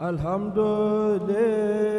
الحمد لله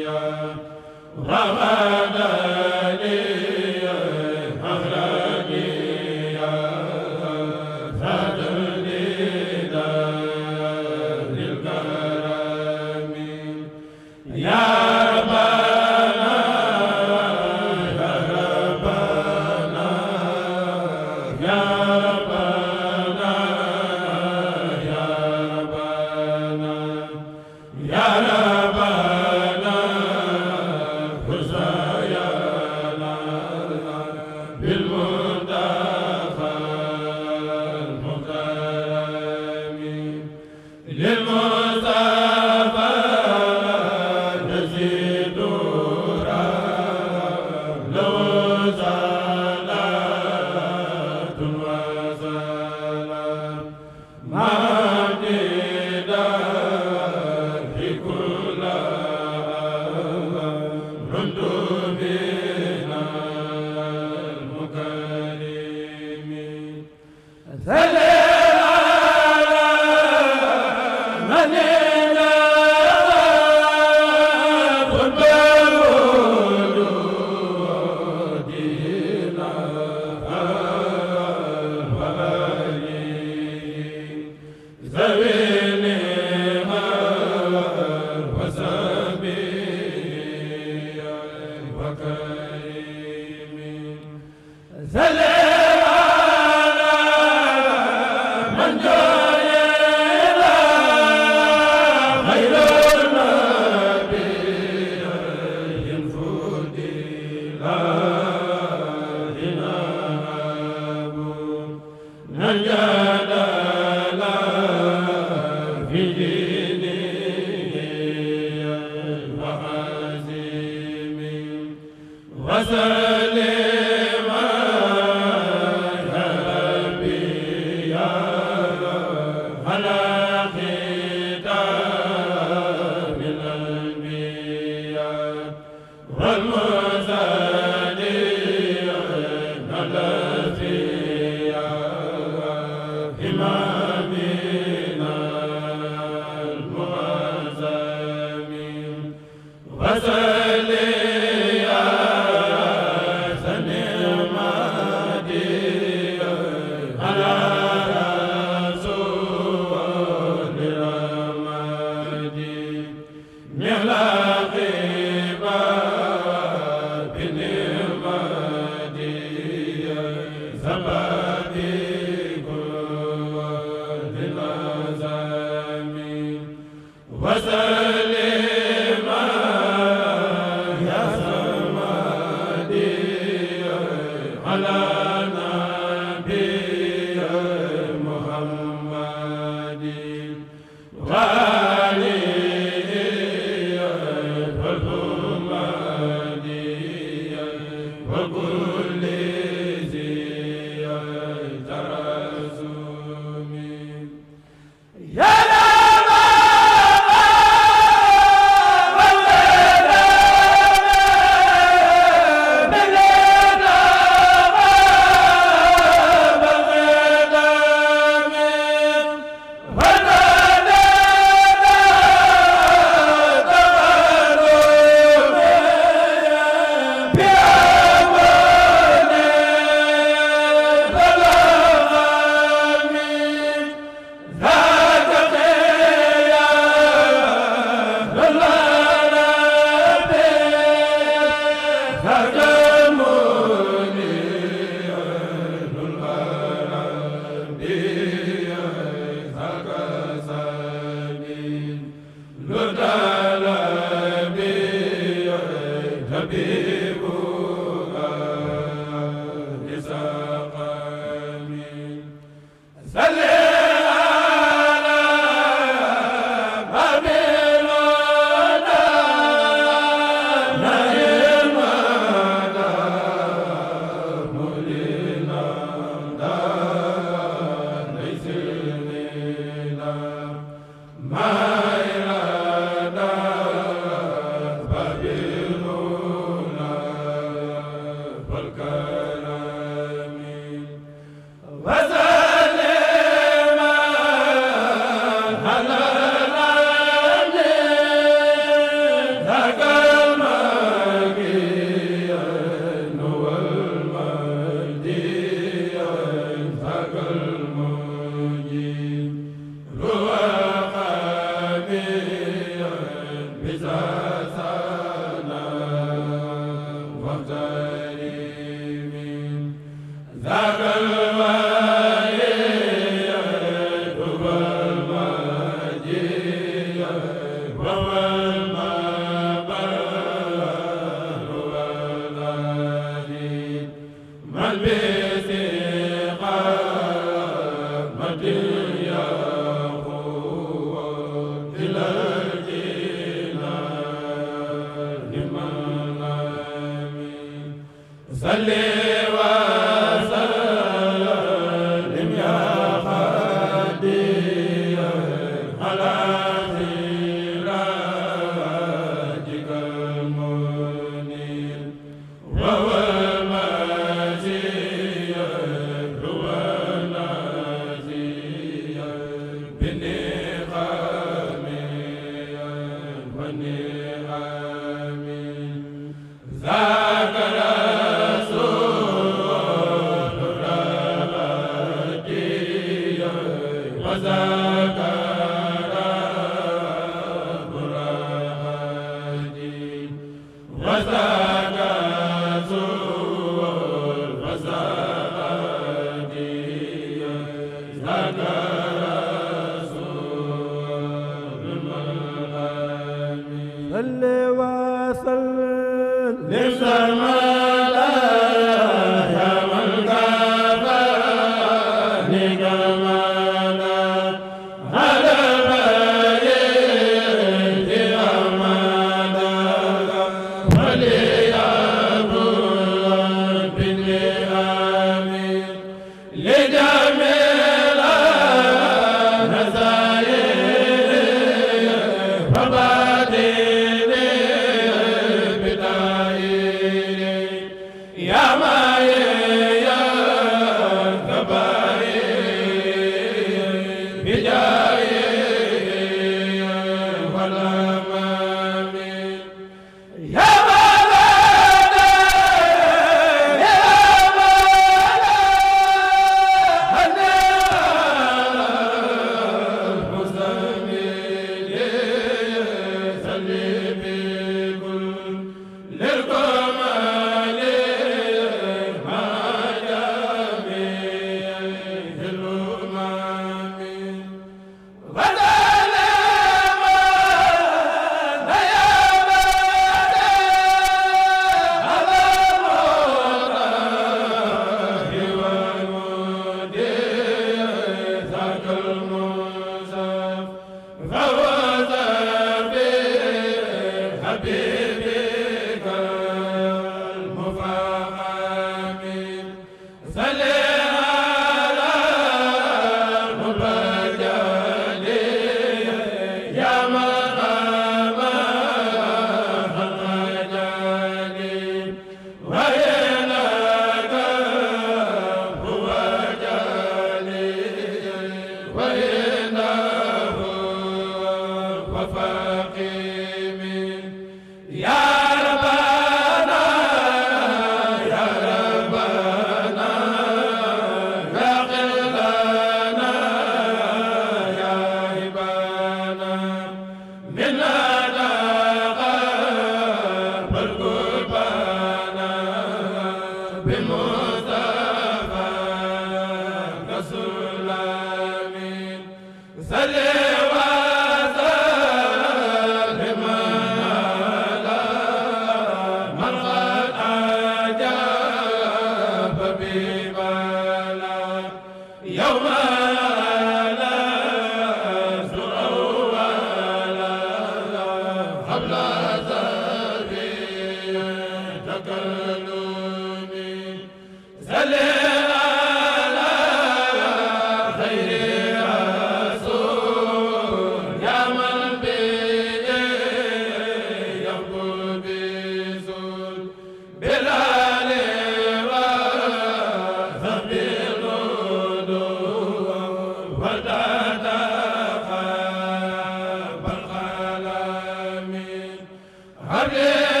Amen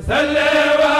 salla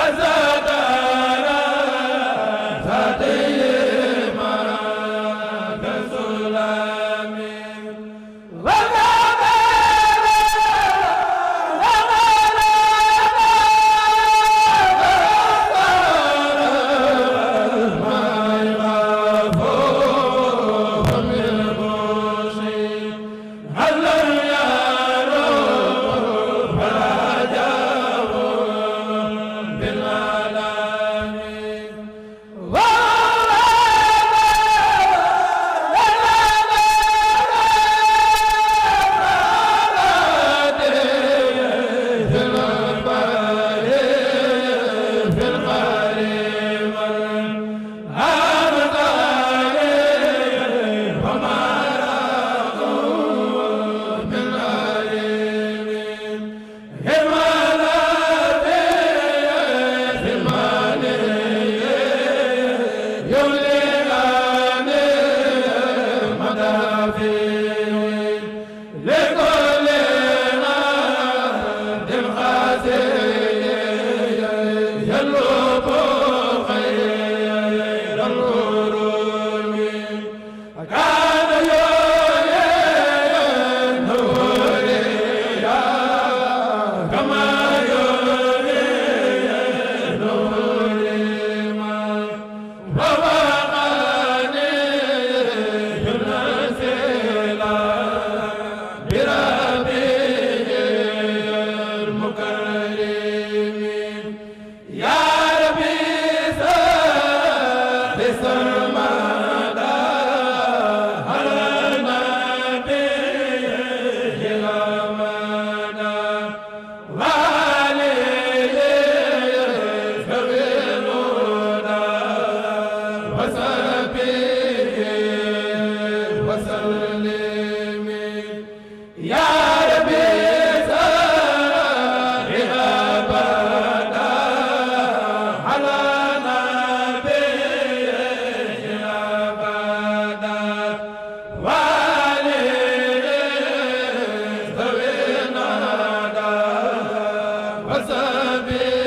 Hazza bi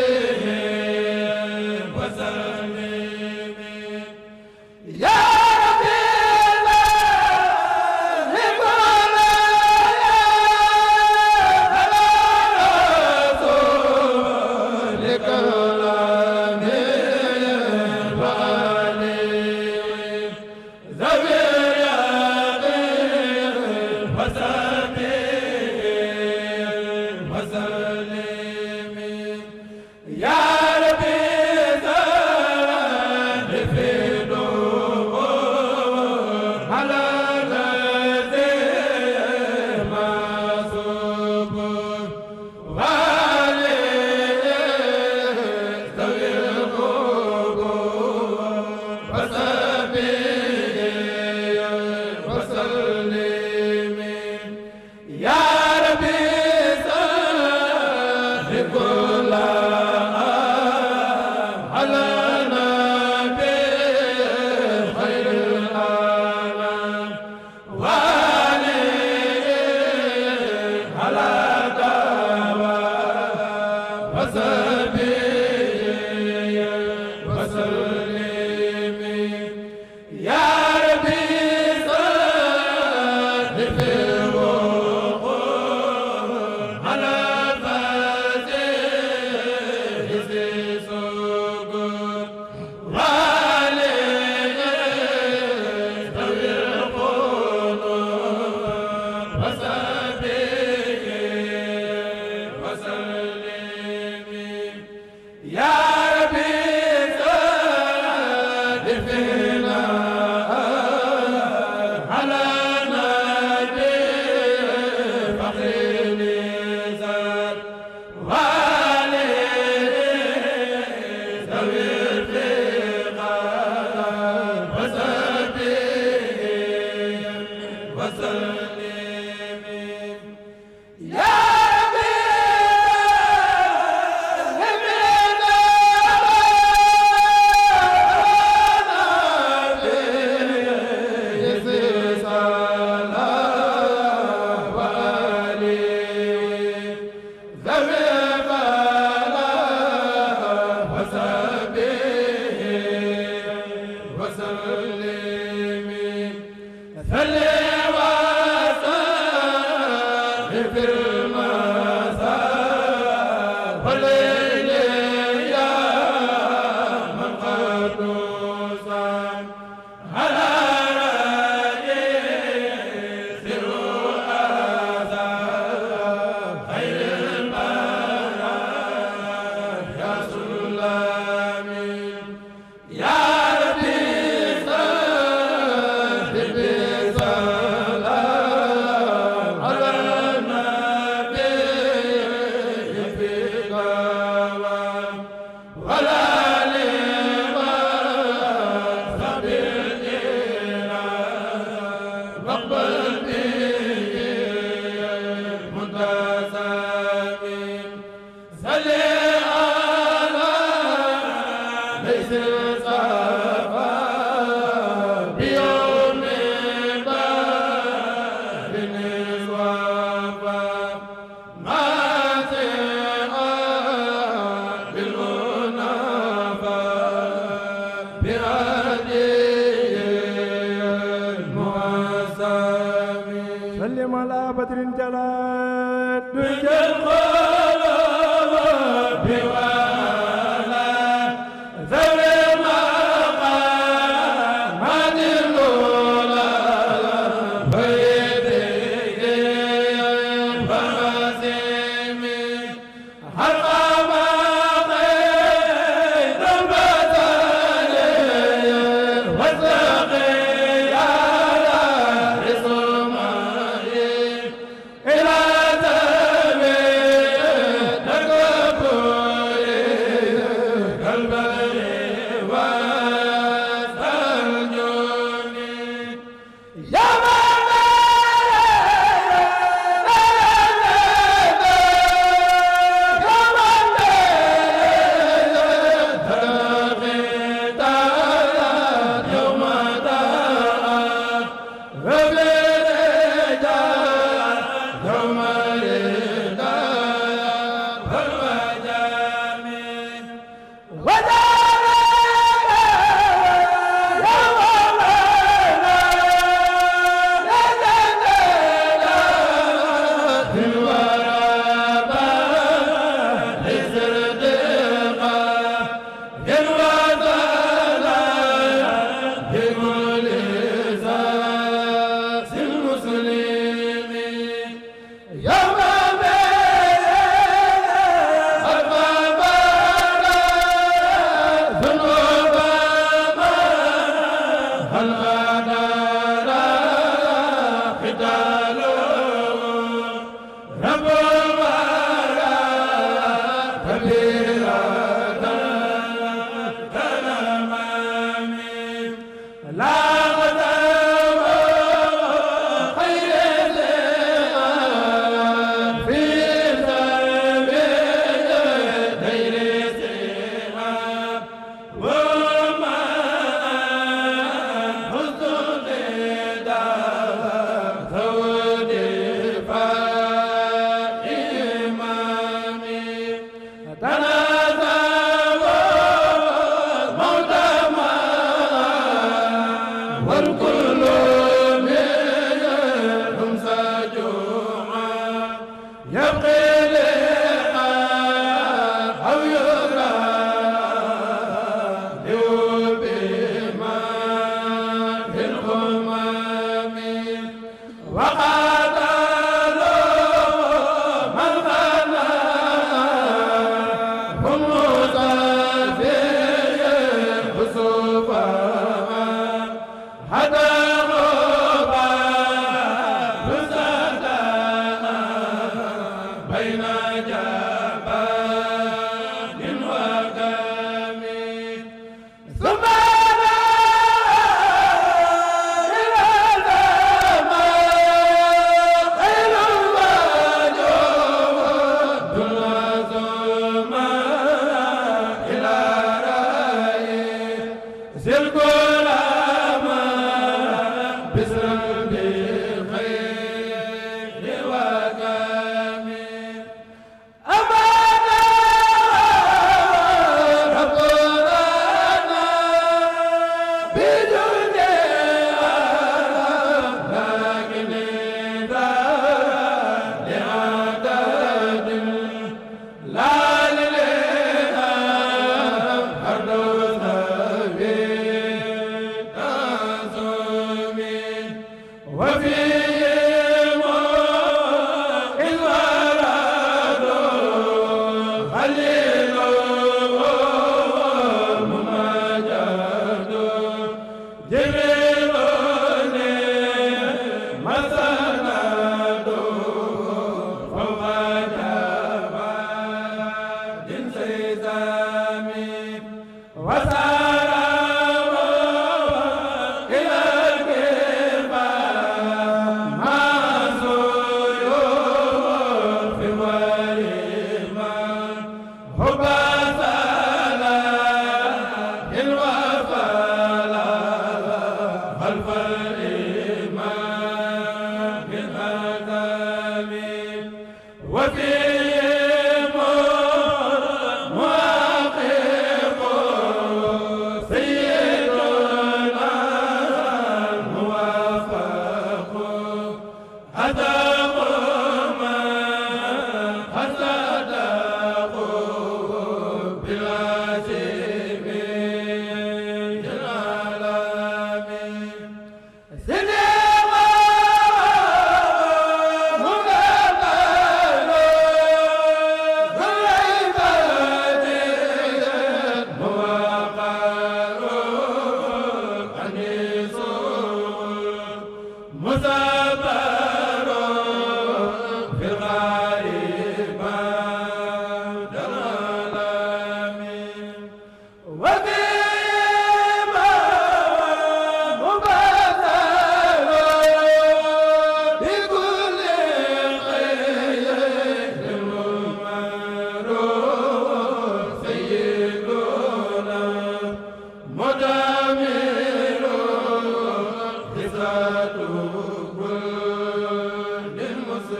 la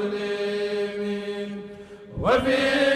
مسلم وفي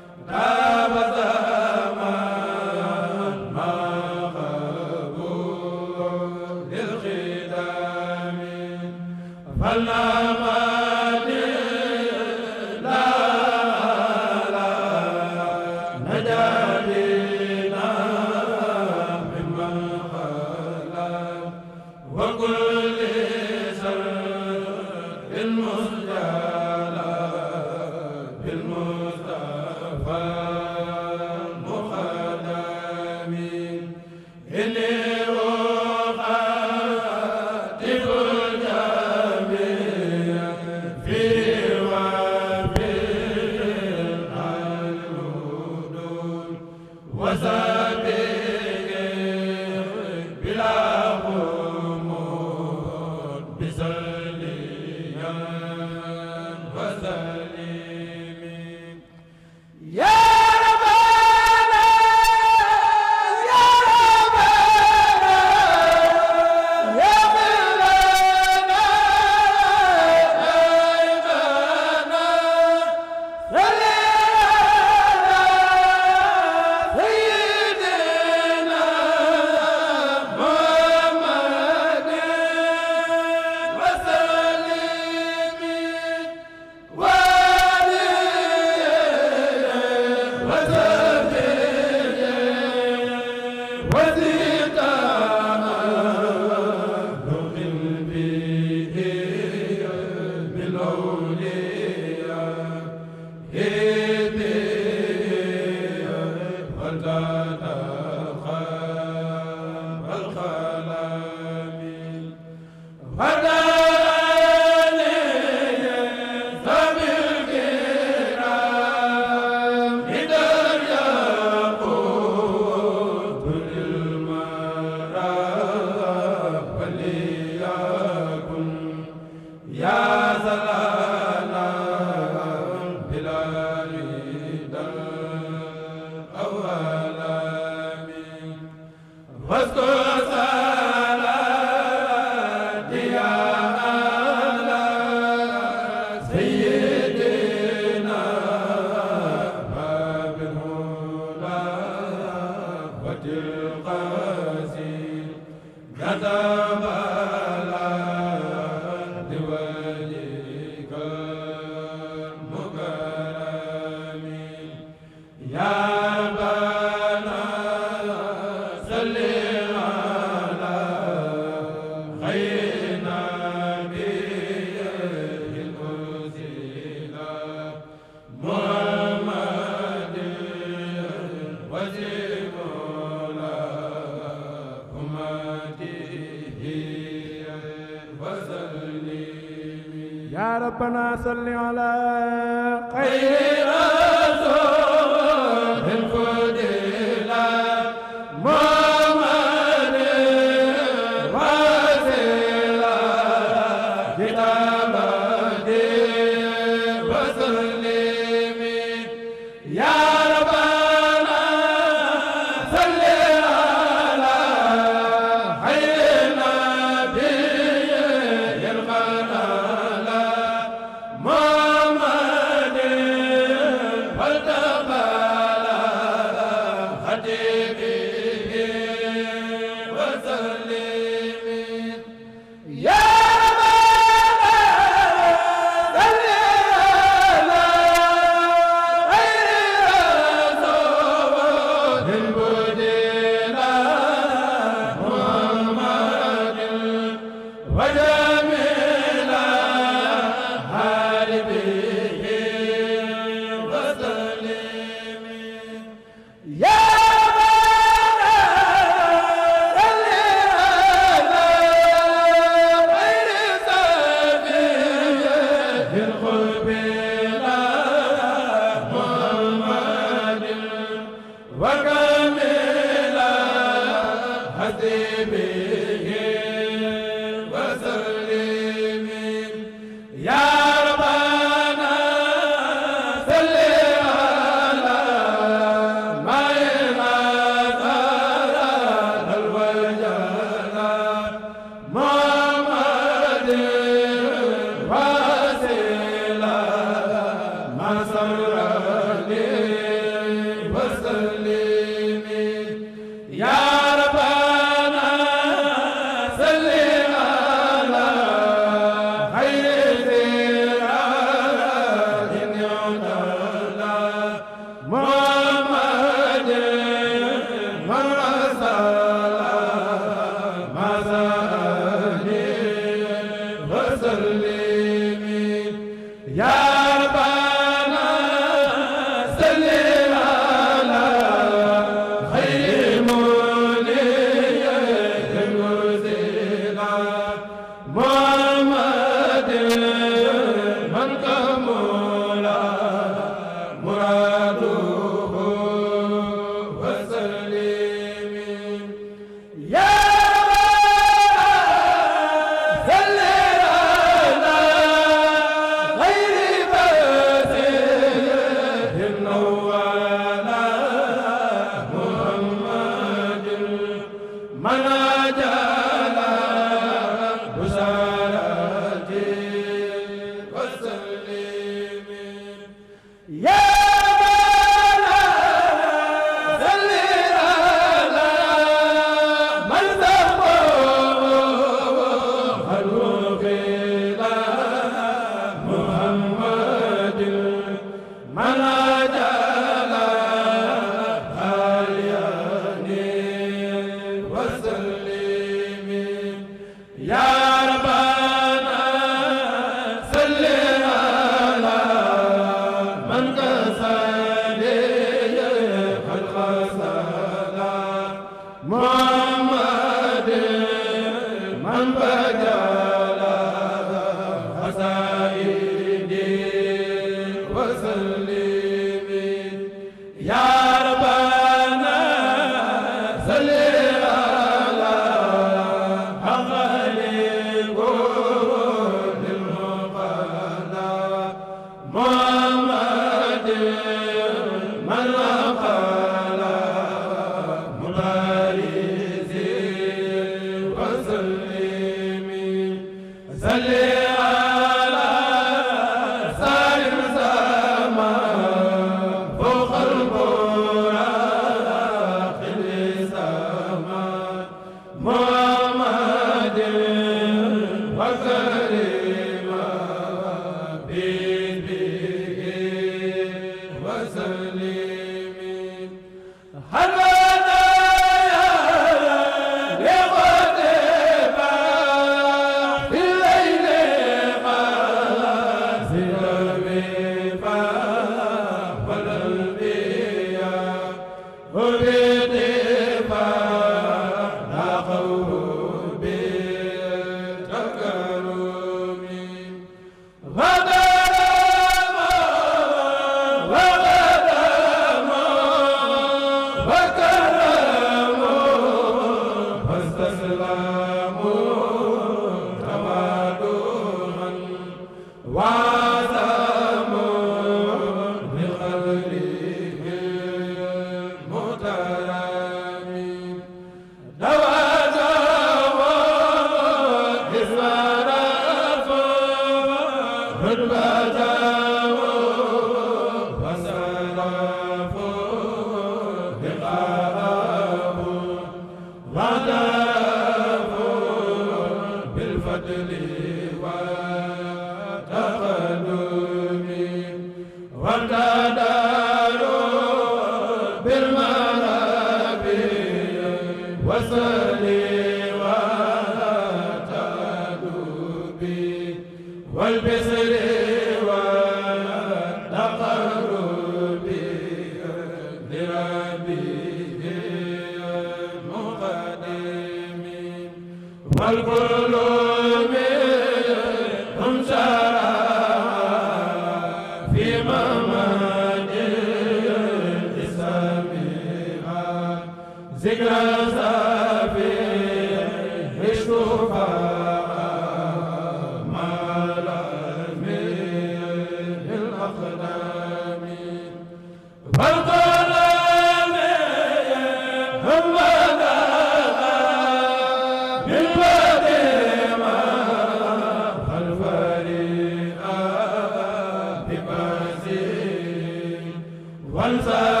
sa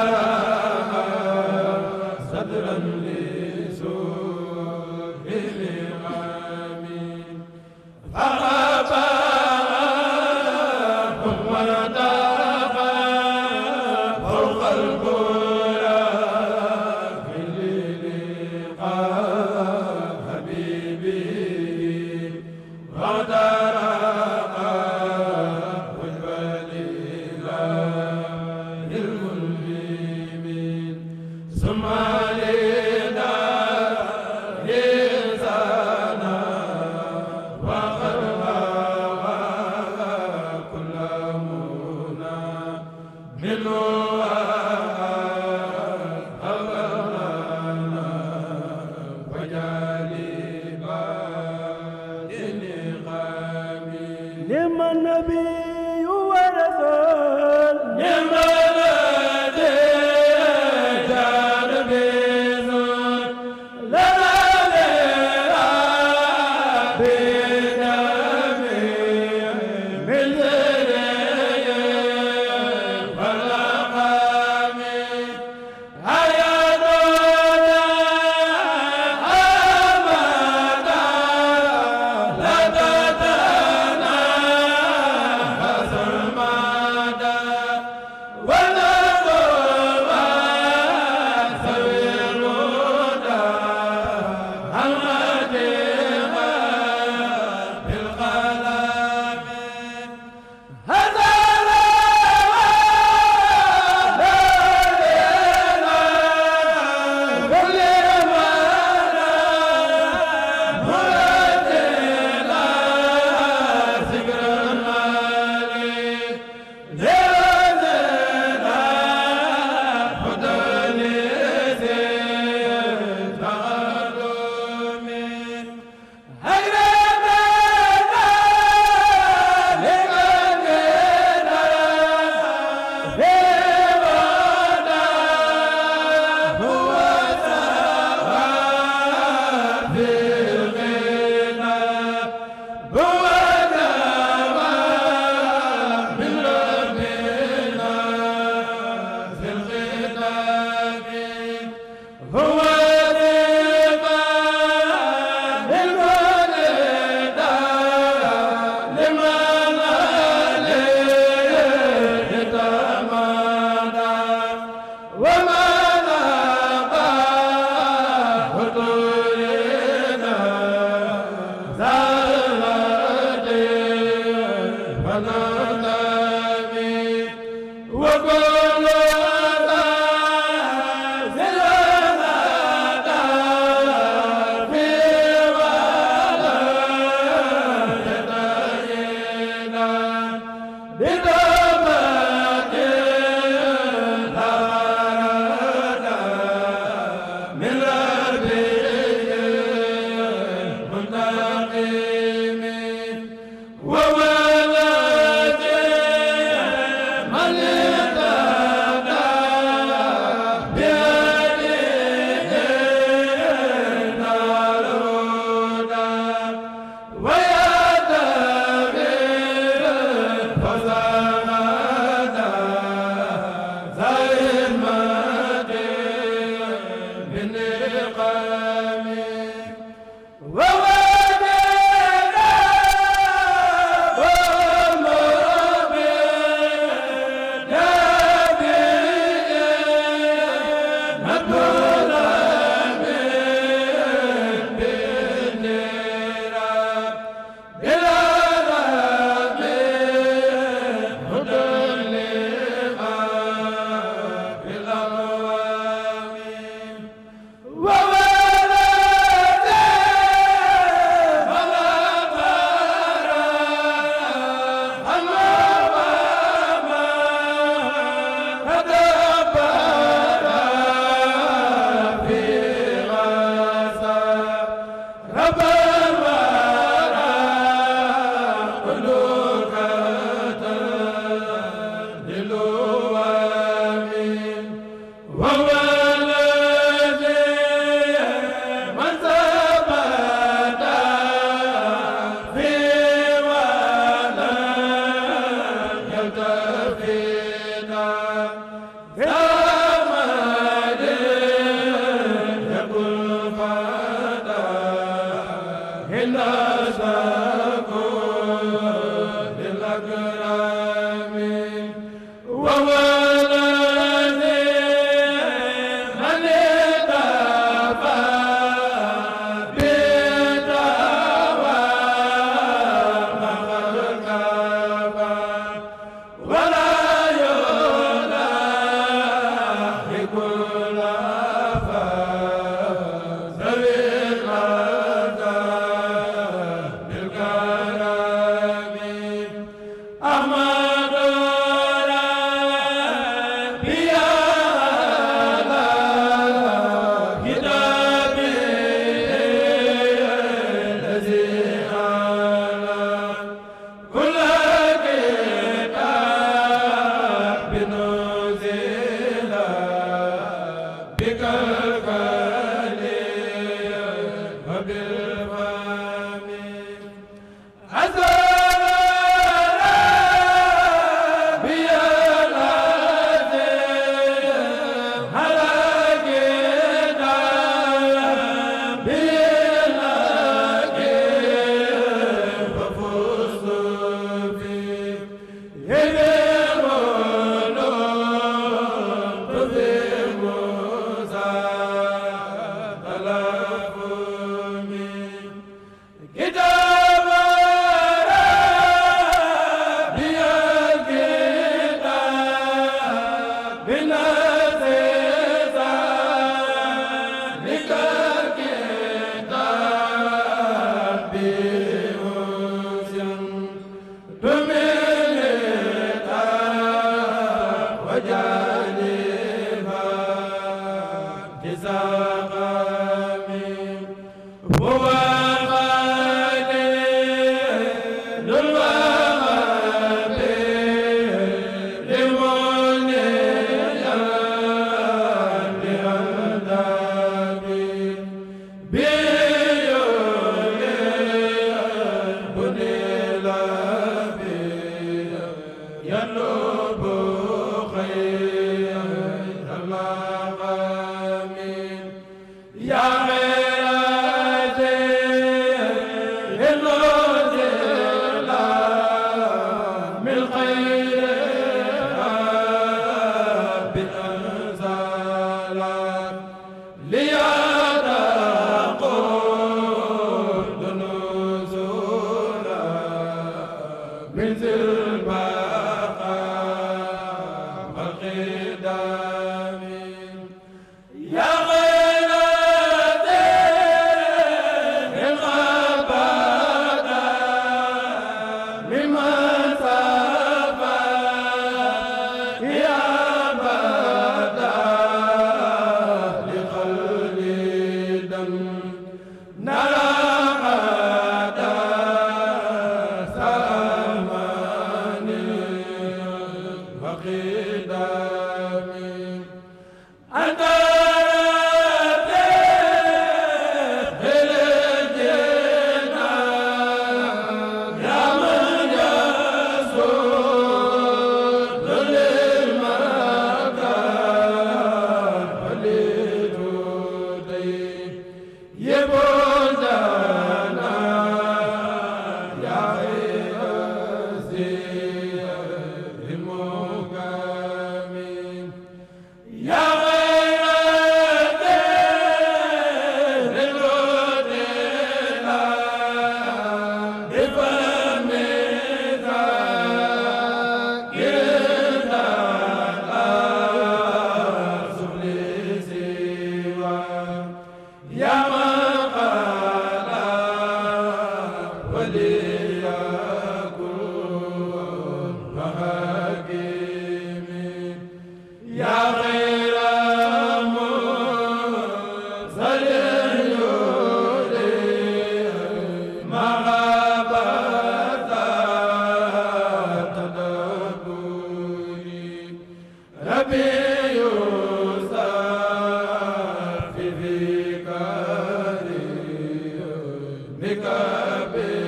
bika